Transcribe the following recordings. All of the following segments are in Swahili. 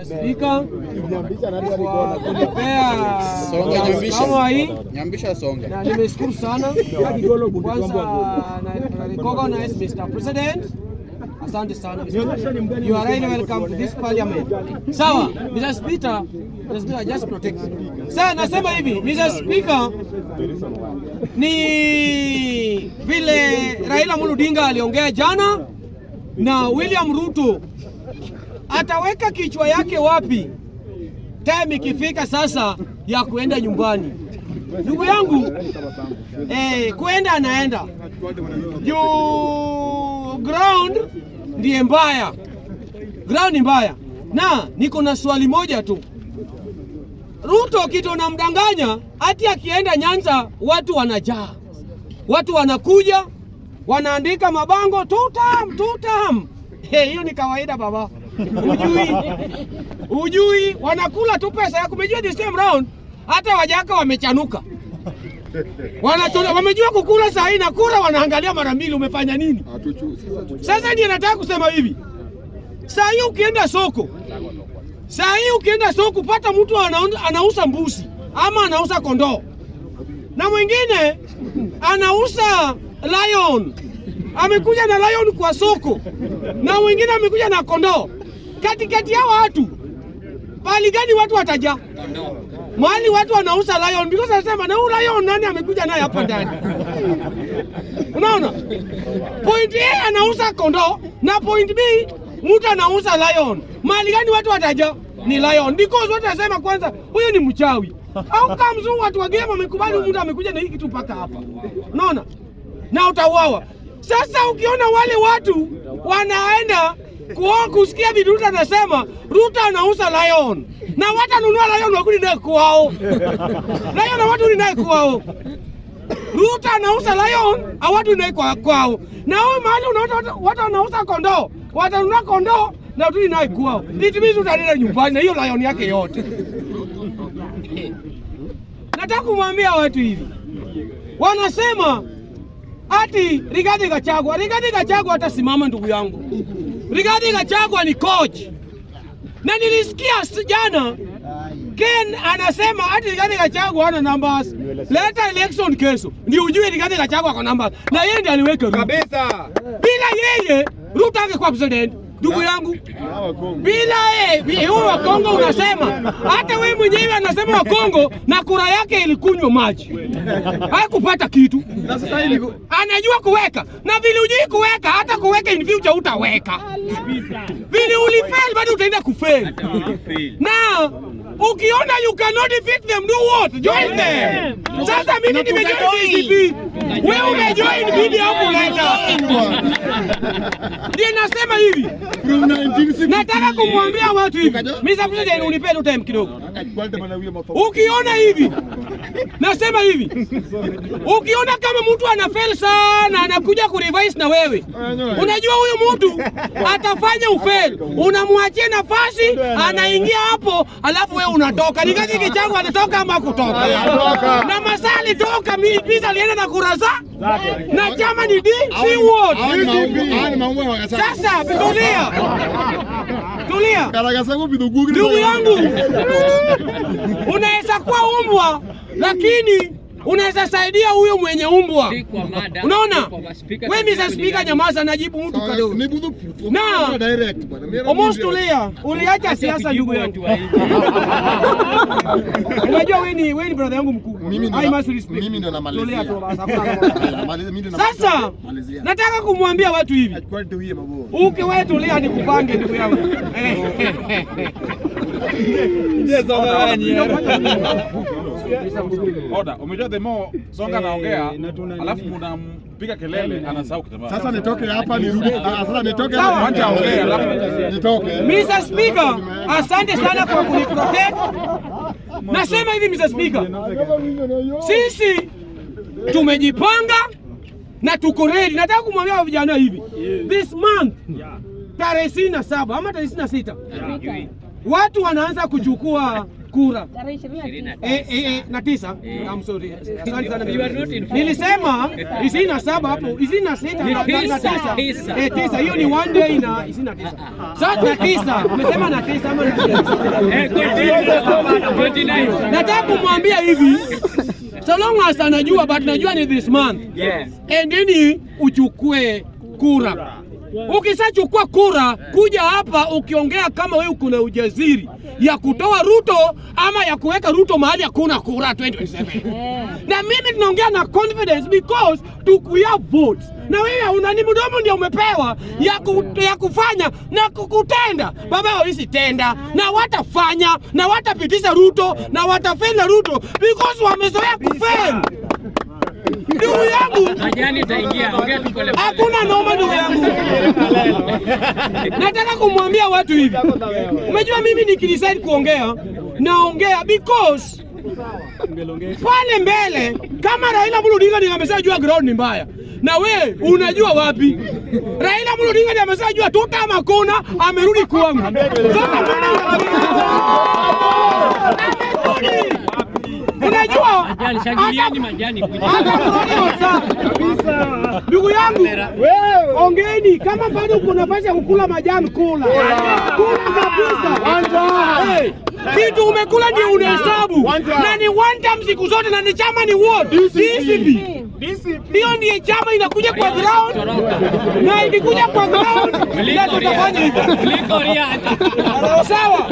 Spika, kwa na nimeshukuru sana kwanza, narekoga na Mr. President, asante sana. You are really welcome to this parliament. Sawa, Mr. Speaker, just protect. Sasa nasema hivi Mr. Speaker, ni vile Raila Odinga aliongea jana na William Ruto ataweka kichwa yake wapi? Time ikifika sasa ya kuenda nyumbani, ndugu yangu eh, kuenda anaenda juu, ground ndiye mbaya, ground ni mbaya. Na niko na swali moja tu, Ruto kitu mdanganya ati akienda Nyanza watu wanajaa, watu wanakuja wanaandika mabango tutam tutam hiyo ni kawaida baba. Ujui, ujui wanakula tu pesa yako. Umejua this time round hata wajaka wamechanuka, wanachona, wamejua kukula saa hii na kura wanaangalia mara mbili, umefanya nini? Sasa ndiye nataka kusema hivi, saa hii ukienda soko, saa hii ukienda soko, pata mtu anauza mbuzi ama anauza kondoo na mwingine anauza lion amekuja na lion kwa soko na mwingine amekuja na kondoo. Katikati ya watu pali gani watu wataja? Mahali watu wanauza lion, because anasema na huyu lion nani amekuja naye hapa ndani? Unaona, point A anauza kondoo na point B mtu anauza lion. Mahali gani watu wataja? Ni lion, because watu wanasema kwanza, huyu ni mchawi au kamzu. Watu game wamekubali mtu amekuja na hii kitu mpaka hapa, unaona, na utauawa. Sasa ukiona wale watu wanaenda kuo kusikia Bi ruta anasema ruta anauza lion na watanunua lion wakuni naye kwao lion na watu naye kwao Ruta anauza lion watu naye kwao na wao mahali unaona watu wanauza kondoo watanunua kondoo na watu naye kwao itimizi utaenda nyumbani na hiyo lion yake yote nataka kumwambia watu hivi wanasema ati Rigathi Gachagua, Rigathi Gachagua hatasimama ndugu yangu. Rigathi Gachagua ni coach, na nilisikia jana Ken anasema ati Rigathi Gachagua ana numbers. Leta election kesho ni ujue Rigathi Gachagua kwa numbers, na yeye ndiye aliweka kabisa. Bila yeye Ruto angekuwa president ndugu yangu bila yeye huyo Wakongo unasema, hata wewe mwenyewe anasema Wakongo na kura yake ilikunywa maji, haikupata kitu. Anajua kuweka na vile ujui kuweka, hata kuweka in future utaweka vile ulifeli, bado utaenda kufail na ukiona you cannot defeat them do what join them. Sasa mimi nimejoin DCP wewe umejoin bibi au kuleta? Ndio nasema hivi, nataka kumwambia watu hivi, mimi sasa unipende time kidogo, ukiona hivi Nasema hivi, ukiona kama mtu fail sana anakuja revise na wewe, unajua huyu mtu atafanya ufail, unamwachia nafasi, anaingia hapo, alafu wewe unatoka. Ni kazi kichangu, anatoka ama kutoka na masali toka mipisa alienda na kurasa na chama ni D si Sasa Biblia kulia. Ndugu yangu unaweza kuwa umbwa lakini unaweza saidia huyu mwenye umbwa. Unaona we Mr. spika, nyamaza, najibu mtu kadogo na almost ulia uliacha siasa, ndugu yangu. Unajua we ni we ni brother yangu mkubwa. I must respect. Mimi ndo Sasa nataka kumwambia watu hivi, uke wewe tulia, ni kupange ndugu yangu eh. Oda, umejua the more songa eh, naongea eh, alafu unampiga kelele eh, anasahau kitambaa. Sasa nitoke hapa nirudi. Ah, sasa nitoke hapa. Acha aongee alafu nitoke. Mr. Speaker, asante sana kwa kuniprotect. Nasema hivi Mr. Speaker. Sisi tumejipanga na tuko ready. Nataka kumwambia vijana hivi. This month tarehe 27 ama tarehe 26 watu wanaanza kuchukua kura na tisa. Nilisema ishirini na saba hapo, ishirini na sita na eh, tisa, hiyo ni one day na ishirini na tisa. Sasa na tisa, umesema na tisa ama eh, nataka kumwambia hivi so long as anajua but najua ni this month endeni uchukue kura Ukishachukua kura kuja hapa ukiongea kama wewe kuna ujaziri ya kutoa Ruto ama ya kuweka Ruto mahali hakuna kura 2027. Na mimi tunaongea na confidence because tukuya vote na wewe una mdomo ndio umepewa ya, ku, ya kufanya na kukutenda. Baba hawezi tenda na watafanya na watapitisha Ruto na watafeli Ruto because wamezoea kufeli ndugu yangu, hakuna noma ndugu yangu. Nataka kumwambia watu hivi, umejua mimi nikidecide kuongea naongea because pale mbele kama Raila Amolo Odinga amesema jua ground ni mbaya, na we unajua wapi? Raila Amolo Odinga amesema jua tuta makuna, amerudi kwangu. majani, shangilieni majani kabisa. Ndugu yangu wewe, ongeeni kama bado uko nafasi ya kukula majani, kula kula kabisa. Kitu umekula ndio unahesabu, na ni one time siku zote, na ni chama ni ward DCP hiyo ni chama inakuja kwa ground na ikikuja kwa ground na tutafanya hivyo. Sawa,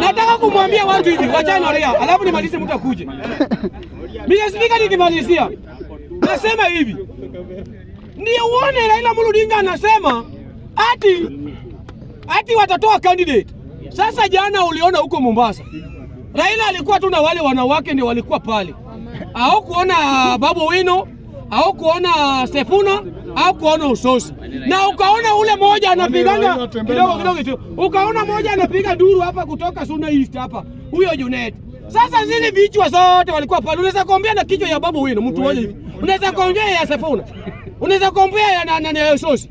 nataka kumwambia watu hivi, wachana ria, alafu nimalize, mtu akuje. Mimi sifika. nikimalizia nasema hivi, ndio uone Raila Muludinga anasema ati ati watatoa candidate. Sasa jana uliona huko Mombasa Raila alikuwa tu na wale wanawake ndio walikuwa pale au kuona Babu Wino au kuona Sefuna au kuona Usosi, na ukaona ule moja anapiganga kidogo kidogo tu, ukaona moja anapiga duru hapa kutoka Suna East hapa, huyo Junet. Sasa zile vichwa zote walikuwa pale, unaweza kuambia na kichwa ya Babu Wino mtu mmoja, unaweza kuongea ya Sefuna, unaweza kuambia ya na, na, na, na Usosi